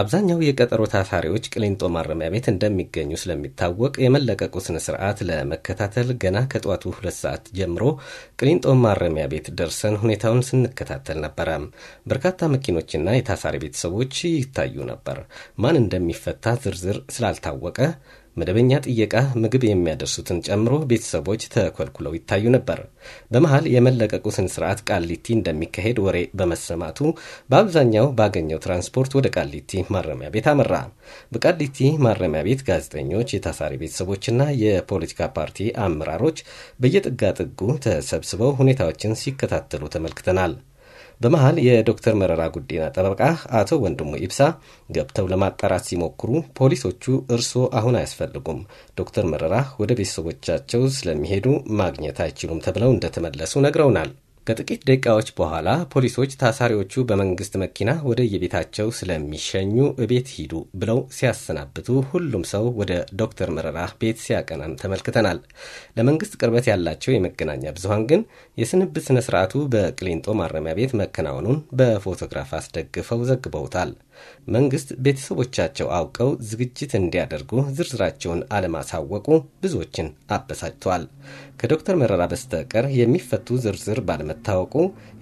አብዛኛው የቀጠሮ ታሳሪዎች ቅሊንጦ ማረሚያ ቤት እንደሚገኙ ስለሚታወቅ የመለቀቁ ስነ ስርዓት ለመከታተል ገና ከጠዋቱ ሁለት ሰዓት ጀምሮ ቅሊንጦ ማረሚያ ቤት ደርሰን ሁኔታውን ስንከታተል ነበረ። በርካታ መኪኖችና የታሳሪ ቤተሰቦች ይታዩ ነበር። ማን እንደሚፈታ ዝርዝር ስላልታወቀ መደበኛ ጥየቃ ምግብ የሚያደርሱትን ጨምሮ ቤተሰቦች ተኮልኩለው ይታዩ ነበር። በመሃል የመለቀቁ ስርዓት ቃሊቲ እንደሚካሄድ ወሬ በመሰማቱ በአብዛኛው ባገኘው ትራንስፖርት ወደ ቃሊቲ ማረሚያ ቤት አመራ። በቃሊቲ ማረሚያ ቤት ጋዜጠኞች፣ የታሳሪ ቤተሰቦችና የፖለቲካ ፓርቲ አመራሮች በየጥጋ ጥጉ ተሰብስበው ሁኔታዎችን ሲከታተሉ ተመልክተናል። በመሀል የዶክተር መረራ ጉዲና ጠበቃ አቶ ወንድሙ ኢብሳ ገብተው ለማጣራት ሲሞክሩ ፖሊሶቹ እርስዎ አሁን አያስፈልጉም፣ ዶክተር መረራ ወደ ቤተሰቦቻቸው ስለሚሄዱ ማግኘት አይችሉም ተብለው እንደተመለሱ ነግረውናል። ከጥቂት ደቂቃዎች በኋላ ፖሊሶች ታሳሪዎቹ በመንግስት መኪና ወደ የቤታቸው ስለሚሸኙ እቤት ሂዱ ብለው ሲያሰናብቱ ሁሉም ሰው ወደ ዶክተር መረራ ቤት ሲያቀናም ተመልክተናል። ለመንግስት ቅርበት ያላቸው የመገናኛ ብዙሀን ግን የስንብት ስነ ስርዓቱ በቅሊንጦ ማረሚያ ቤት መከናወኑን በፎቶግራፍ አስደግፈው ዘግበውታል። መንግስት ቤተሰቦቻቸው አውቀው ዝግጅት እንዲያደርጉ ዝርዝራቸውን አለማሳወቁ ብዙዎችን አበሳጭቷል። ከዶክተር መረራ በስተቀር የሚፈቱ ዝርዝር ባለመታወቁ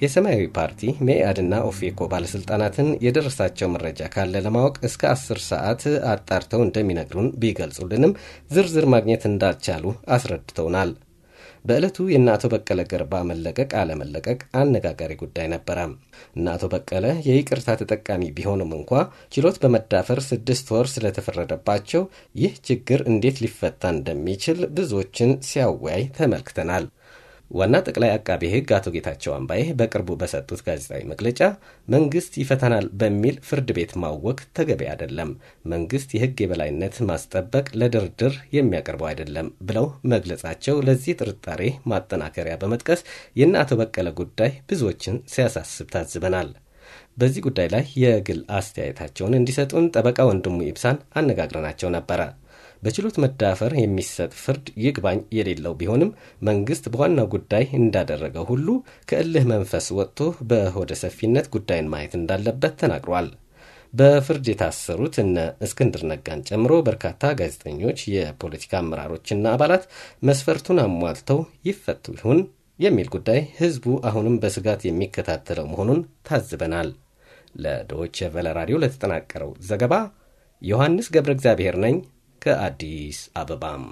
የሰማያዊ ፓርቲ መኢአድና ኦፌኮ ባለስልጣናትን የደረሳቸው መረጃ ካለ ለማወቅ እስከ አስር ሰዓት አጣርተው እንደሚነግሩን ቢገልጹልንም ዝርዝር ማግኘት እንዳልቻሉ አስረድተውናል። በዕለቱ የእነ አቶ በቀለ ገርባ መለቀቅ አለመለቀቅ አነጋጋሪ ጉዳይ ነበረ። እነ አቶ በቀለ የይቅርታ ተጠቃሚ ቢሆኑም እንኳ ችሎት በመዳፈር ስድስት ወር ስለተፈረደባቸው ይህ ችግር እንዴት ሊፈታ እንደሚችል ብዙዎችን ሲያወያይ ተመልክተናል። ዋና ጠቅላይ አቃቤ ሕግ አቶ ጌታቸው አምባዬ በቅርቡ በሰጡት ጋዜጣዊ መግለጫ መንግስት ይፈተናል በሚል ፍርድ ቤት ማወክ ተገቢ አይደለም፣ መንግስት የህግ የበላይነት ማስጠበቅ ለድርድር የሚያቀርበው አይደለም ብለው መግለጻቸው ለዚህ ጥርጣሬ ማጠናከሪያ በመጥቀስ የእነ አቶ በቀለ ጉዳይ ብዙዎችን ሲያሳስብ ታዝበናል። በዚህ ጉዳይ ላይ የግል አስተያየታቸውን እንዲሰጡን ጠበቃ ወንድሙ ኢብሳን አነጋግረናቸው ነበረ። በችሎት መዳፈር የሚሰጥ ፍርድ ይግባኝ የሌለው ቢሆንም መንግስት በዋናው ጉዳይ እንዳደረገው ሁሉ ከእልህ መንፈስ ወጥቶ በሆደ ሰፊነት ጉዳይን ማየት እንዳለበት ተናግሯል። በፍርድ የታሰሩት እነ እስክንድር ነጋን ጨምሮ በርካታ ጋዜጠኞች፣ የፖለቲካ አመራሮችና አባላት መስፈርቱን አሟልተው ይፈቱ ይሁን የሚል ጉዳይ ህዝቡ አሁንም በስጋት የሚከታተለው መሆኑን ታዝበናል። ለዶይቼ ቨለ ራዲዮ ለተጠናቀረው ዘገባ ዮሐንስ ገብረ እግዚአብሔር ነኝ። ከአዲስ አበባም